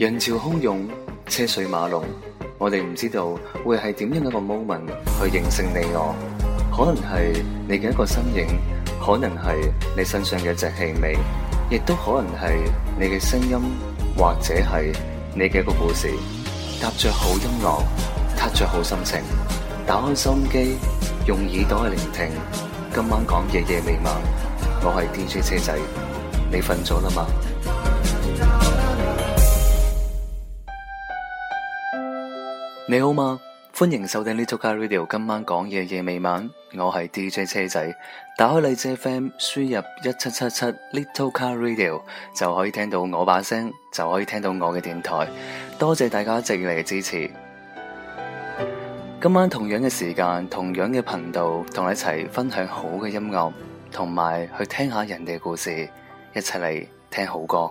人潮洶湧，車水馬龍，我哋唔知道會係點樣一個 moment 去形成你我，可能係你嘅一個身影，可能係你身上嘅一陣氣味，亦都可能係你嘅聲音，或者係你嘅一個故事。踏着好音樂，踏着好心情，打開收音機，用耳朵去聆聽。今晚講嘅《夜未晚》。我係 DJ 車仔，你瞓咗啦嘛？你好嗎？歡迎收聽 Little Car Radio，今晚講嘢夜，夜未晚，我係 DJ 車仔，打開荔枝 FM，輸入一七七七 Little Car Radio 就可以聽到我把聲，就可以聽到我嘅電台。多謝大家一直以嚟嘅支持，今晚同樣嘅時間，同樣嘅頻道，同你一齊分享好嘅音樂，同埋去聽下人哋嘅故事，一齊嚟聽好歌。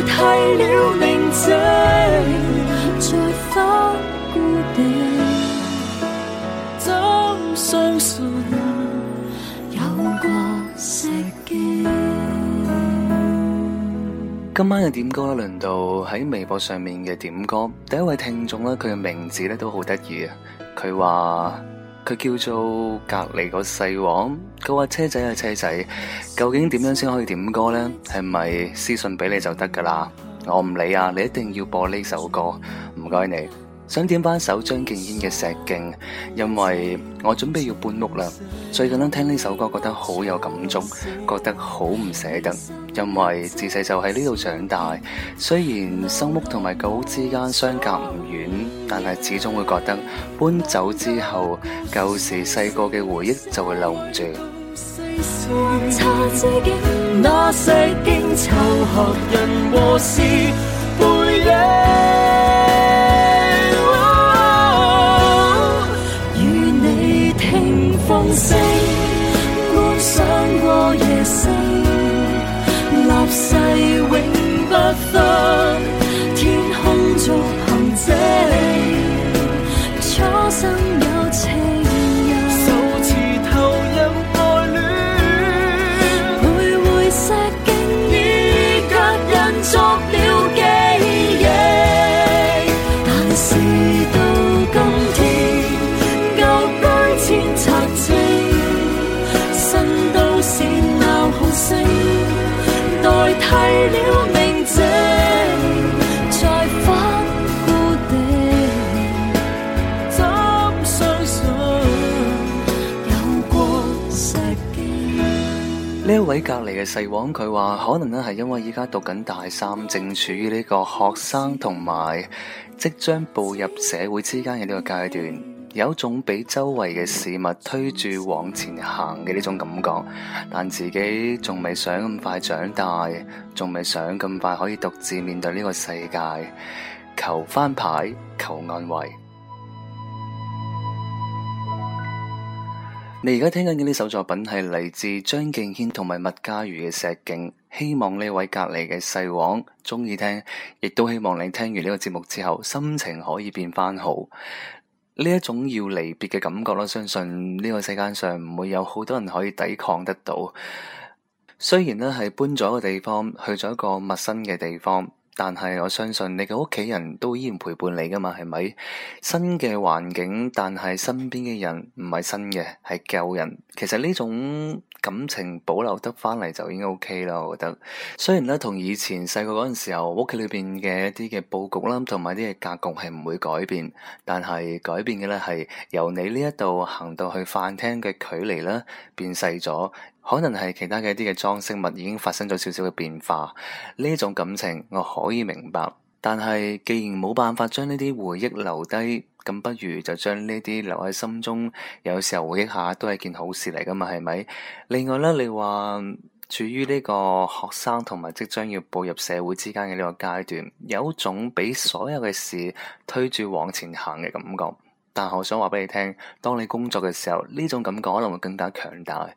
今晚嘅點歌呢，輪到喺微博上面嘅點歌第一位聽眾咧，佢嘅名字咧都好得意啊！佢話。佢叫做隔籬個細王，佢話車仔啊車仔，究竟點樣先可以點歌呢？係咪私信俾你就得噶啦？我唔理啊，你一定要播呢首歌，唔該你。想點翻首張敬軒嘅《石徑》，因為我準備要搬屋啦。最近咧聽呢首歌覺，覺得好有感觸，覺得好唔捨得，因為自細就喺呢度長大。雖然新屋同埋舊屋之間相隔唔遠。但係始終會覺得搬走之後，舊時細個嘅回憶就會留唔住。與你聽風聲，觀賞過夜星，立誓永不分，天空做憑者。心。細王佢話，可能咧係因為依家讀緊大三，正處於呢個學生同埋即將步入社會之間嘅呢個階段，有種俾周圍嘅事物推住往前行嘅呢種感覺，但自己仲未想咁快長大，仲未想咁快可以獨自面對呢個世界，求翻牌，求安慰。你而家聽緊嘅呢首作品係嚟自張敬軒同埋麥家瑜嘅《石徑》，希望呢位隔離嘅細王中意聽，亦都希望你聽完呢個節目之後心情可以變翻好。呢一種要離別嘅感覺咧，相信呢個世界上唔會有好多人可以抵抗得到。雖然呢係搬咗個地方，去咗一個陌生嘅地方。但係我相信你嘅屋企人都依然陪伴你㗎嘛，係咪？新嘅環境，但係身邊嘅人唔係新嘅，係舊人。其實呢種，感情保留得翻嚟就已經 OK 啦，我覺得。雖然咧同以前細個嗰陣時候屋企裏邊嘅一啲嘅佈局啦，同埋啲嘅格局係唔會改變，但係改變嘅咧係由你呢一度行到去飯廳嘅距離咧變細咗，可能係其他嘅一啲嘅裝飾物已經發生咗少少嘅變化。呢種感情我可以明白。但係，既然冇辦法將呢啲回憶留低，咁不如就將呢啲留喺心中。有時候回憶下都係件好事嚟㗎嘛，係咪？另外咧，你話處於呢個學生同埋即將要步入社會之間嘅呢個階段，有一種俾所有嘅事推住往前行嘅感覺。但我想話俾你聽，當你工作嘅時候，呢種感覺可能會更加強大。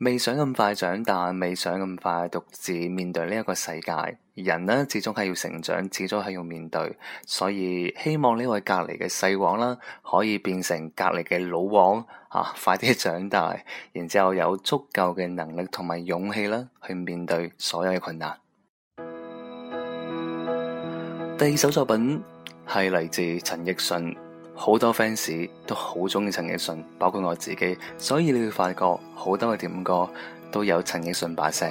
未想咁快長大，未想咁快獨自面對呢一個世界。人呢，始終係要成長，始終係要面對。所以希望呢位隔籬嘅細王啦，可以變成隔籬嘅老王啊，快啲長大，然之後有足夠嘅能力同埋勇氣啦，去面對所有嘅困難。第二首作品係嚟自陳奕迅。好多 fans 都好中意陳奕迅，包括我自己，所以你會發覺好多嘅點歌都有陳奕迅把聲。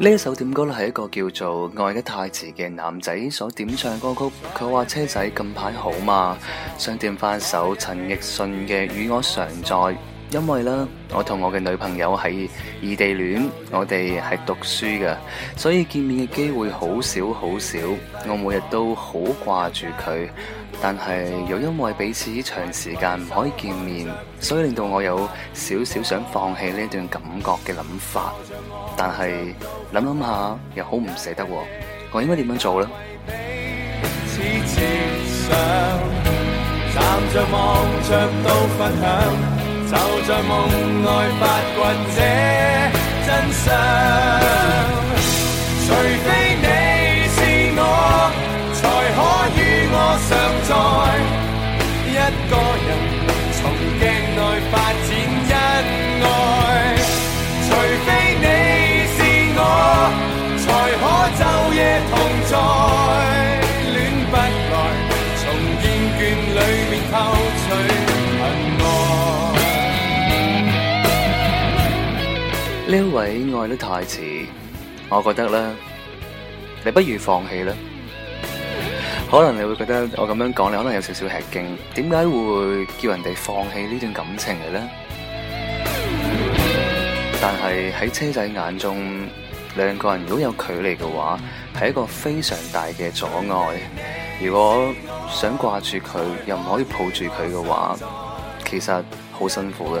呢一首點歌咧，係一個叫做愛得太遲嘅男仔所點唱歌曲。佢話車仔近排好嘛，想點翻首陳奕迅嘅《與我常在》。因為咧，我同我嘅女朋友係異地戀，我哋係讀書嘅，所以見面嘅機會好少好少。我每日都好掛住佢，但係又因為彼此長時間唔可以見面，所以令到我有少少想放棄呢段感覺嘅諗法。但係諗諗下，又好唔捨得喎，我應該點樣做呢？你愛得太遲，我覺得咧，你不如放棄啦。可能你會覺得我咁樣講，你可能有少少吃驚。點解會叫人哋放棄呢段感情嘅咧？但係喺車仔眼中，兩個人如果有距離嘅話，係一個非常大嘅阻礙。如果想掛住佢，又唔可以抱住佢嘅話，其實好辛苦嘅。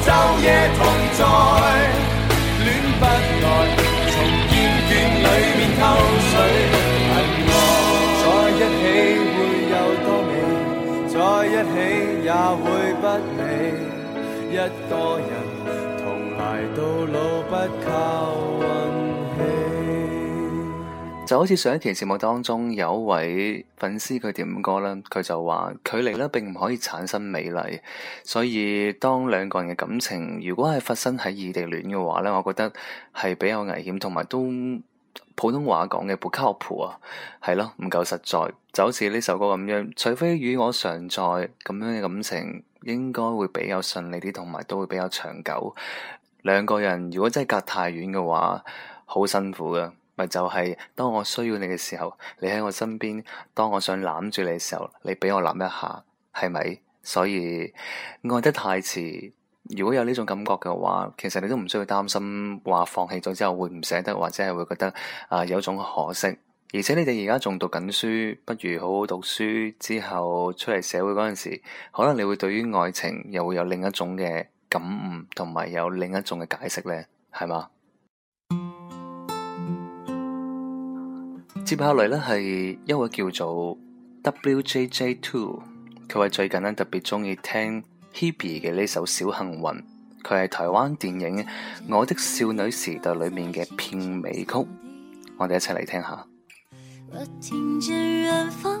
晝夜同在，戀不來，從厭倦裏面偷取恨愛。在一起會有多美？在一起也會不美。一個人同捱到老不靠運。就好似上一期節目當中有一位粉絲佢點歌呢，佢就話，距離呢並唔可以產生美麗，所以當兩個人嘅感情如果係發生喺異地戀嘅話呢，我覺得係比較危險，同埋都普通話講嘅不靠譜啊，係咯，唔夠實在。就好似呢首歌咁樣，除非與我常在咁樣嘅感情，應該會比較順利啲，同埋都會比較長久。兩個人如果真係隔太遠嘅話，好辛苦㗎。咪就係，當我需要你嘅時候，你喺我身邊；當我想攬住你嘅時候，你畀我攬一下，係咪？所以愛得太遲，如果有呢種感覺嘅話，其實你都唔需要擔心話放棄咗之後會唔捨得，或者係會覺得啊有種可惜。而且你哋而家仲讀緊書，不如好好讀書之後出嚟社會嗰陣時，可能你會對於愛情又會有另一種嘅感悟，同埋有另一種嘅解釋咧，係嘛？接下來呢係一位叫做 WJJ Two，佢話最近呢特別中意聽 Hebe 嘅呢首《小幸運》，佢係台灣電影《我的少女時代》裏面嘅片尾曲，我哋一齊嚟聽下。我聽見遠方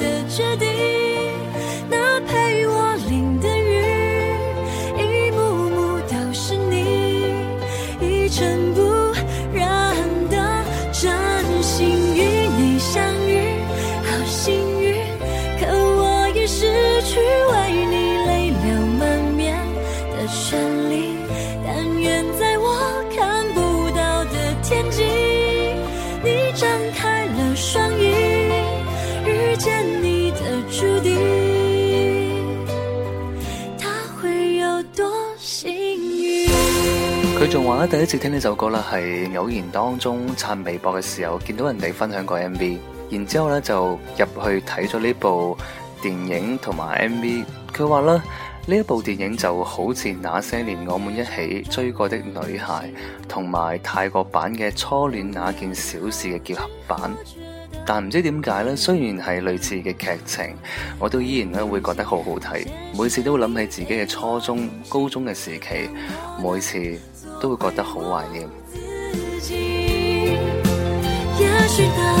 佢仲話第一次聽呢首歌啦，係偶然當中刷微博嘅時候見到人哋分享過 MV，然之後咧就入去睇咗呢部電影同埋 MV。佢話咧，呢一部電影就好似那些年我們一起追過的女孩同埋泰國版嘅初戀那件小事嘅結合版，但唔知點解咧，雖然係類似嘅劇情，我都依然咧會覺得好好睇。每次都會諗起自己嘅初中、高中嘅時期，每次，都會覺得好懷念。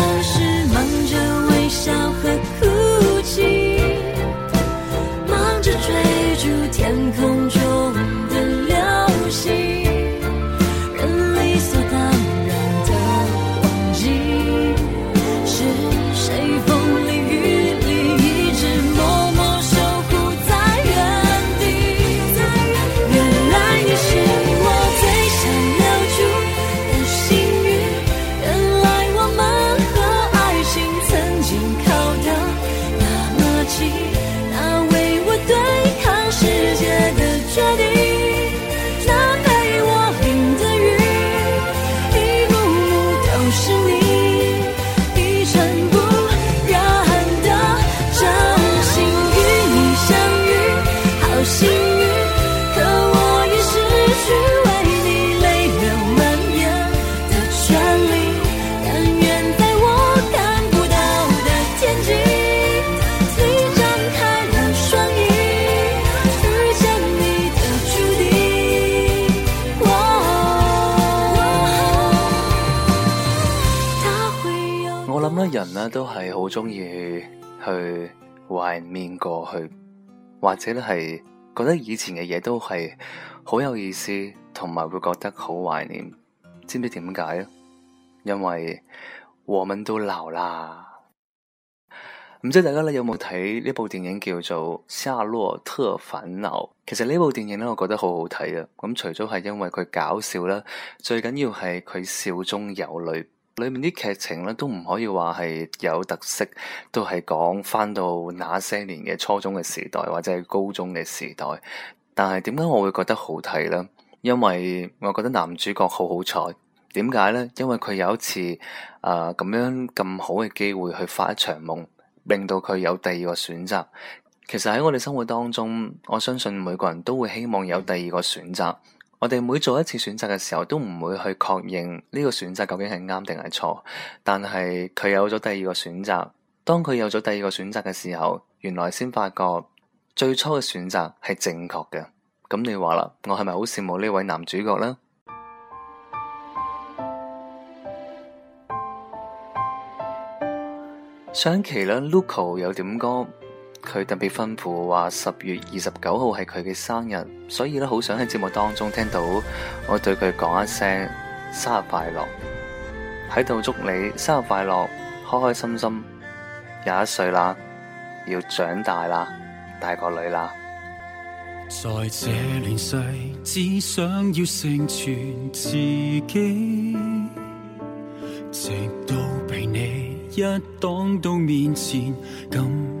鍾意去懷念過去，或者咧係覺得以前嘅嘢都係好有意思，同埋會覺得好懷念，知唔知點解啊？因為我哋都老啦。唔知大家咧有冇睇呢部電影叫做《夏洛特煩惱》？其實呢部電影咧，我覺得好好睇啊。咁除咗係因為佢搞笑啦，最緊要係佢笑中有淚。裏面啲劇情咧都唔可以話係有特色，都係講返到那些年嘅初中嘅時代或者係高中嘅時代。但係點解我會覺得好睇呢？因為我覺得男主角好好彩。點解呢？因為佢有一次誒咁樣咁好嘅機會去發一場夢，令到佢有第二個選擇。其實喺我哋生活當中，我相信每個人都會希望有第二個選擇。我哋每做一次選擇嘅時候，都唔會去確認呢個選擇究竟係啱定係錯。但係佢有咗第二個選擇，當佢有咗第二個選擇嘅時候，原來先發覺最初嘅選擇係正確嘅。咁你話啦，我係咪好羨慕呢位男主角呢？ 上期咧，Lucco 有點歌。佢特別吩咐話十月二十九號係佢嘅生日，所以咧好想喺節目當中聽到我對佢講一聲生日快樂，喺度祝你生日快樂，開開心心，廿一歲啦，要長大啦，大個女啦。在這年世，只想要成全自己，直到被你一擋到面前，咁。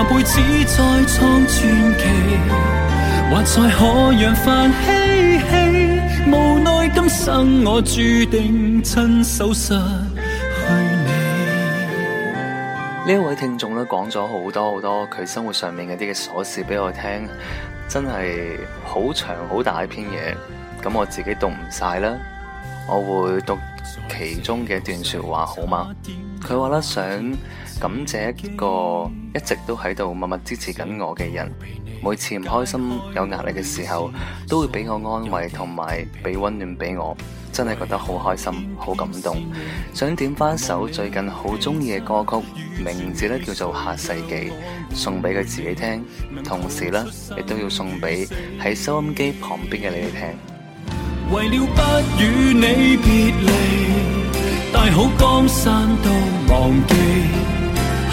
下輩子再創傳奇，或再可揚帆嬉戲，無奈今生我注定親手失去你。呢一位聽眾咧講咗好多好多佢生活上面嘅啲嘅瑣事俾我聽，真係好長好大一篇嘢，咁我自己讀唔晒啦，我會讀其中嘅一段說話好嗎？佢話啦，想。感謝一個一直都喺度默默支持緊我嘅人，每次唔開心、有壓力嘅時候，都會俾我安慰同埋俾溫暖俾我，真係覺得好開心、好感動。想點翻首最近好中意嘅歌曲，名字咧叫做《下世紀》，送俾佢自己聽，同時呢，亦都要送俾喺收音機旁邊嘅你哋聽。為了不與你別離，大好江山都忘記。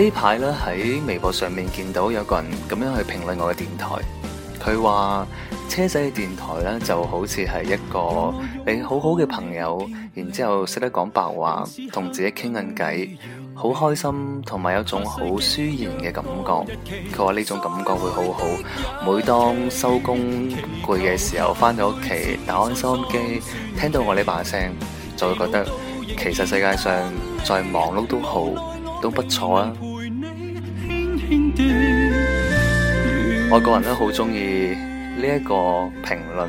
呢排咧喺微博上面見到有個人咁樣去評論我嘅電台，佢話車仔嘅電台咧就好似係一個你好好嘅朋友，然之後識得講白話，同自己傾緊偈，好開心，同埋有種好舒然嘅感覺。佢話呢種感覺會好好，每當收工攰嘅時候返到屋企打開收音機，聽到我呢把聲，就會覺得其實世界上再忙碌都好都不錯啊！我個人都好中意呢一個評論，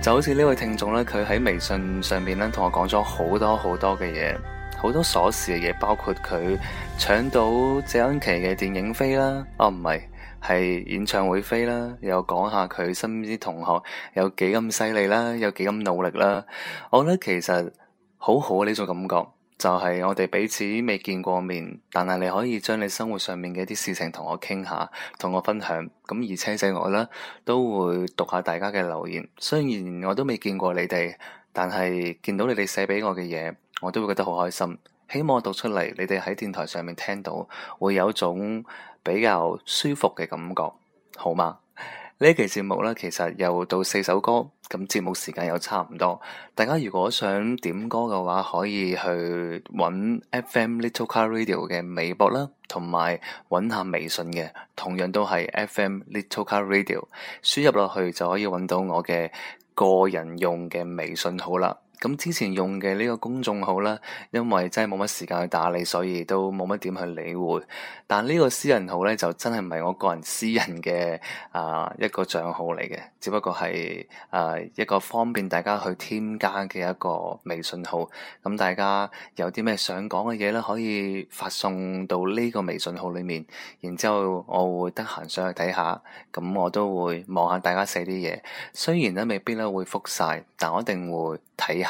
就好似呢位聽眾咧，佢喺微信上面咧同我講咗好多好多嘅嘢，好多瑣事嘅嘢，包括佢搶到謝安琪嘅電影飛啦，哦唔係，係演唱會飛啦，又講下佢身邊啲同學有幾咁犀利啦，有幾咁努力啦，我覺得其實好好，呢種感覺。就係我哋彼此未見過面，但係你可以將你生活上面嘅一啲事情同我傾下，同我分享。咁而且醒我咧，都會讀下大家嘅留言。雖然我都未見過你哋，但係見到你哋寫畀我嘅嘢，我都會覺得好開心。希望我讀出嚟，你哋喺電台上面聽到，會有種比較舒服嘅感覺，好嗎？呢期節目咧，其實又到四首歌，咁節目時間又差唔多。大家如果想點歌嘅話，可以去揾 FM Little Car Radio 嘅微博啦，同埋揾下微信嘅，同樣都係 FM Little Car Radio。輸入落去就可以揾到我嘅個人用嘅微信號啦。咁之前用嘅呢個公眾號啦，因為真係冇乜時間去打理，所以都冇乜點去理會。但呢個私人號咧，就真係唔係我個人私人嘅啊，一個賬號嚟嘅，只不過係誒、啊、一個方便大家去添加嘅一個微信號，咁、啊、大家有啲咩想講嘅嘢咧，可以發送到呢個微信號裏面。然之後我會得閒上去睇下，咁我都會望下大家寫啲嘢。雖然咧未必咧會覆晒，但我一定會睇下。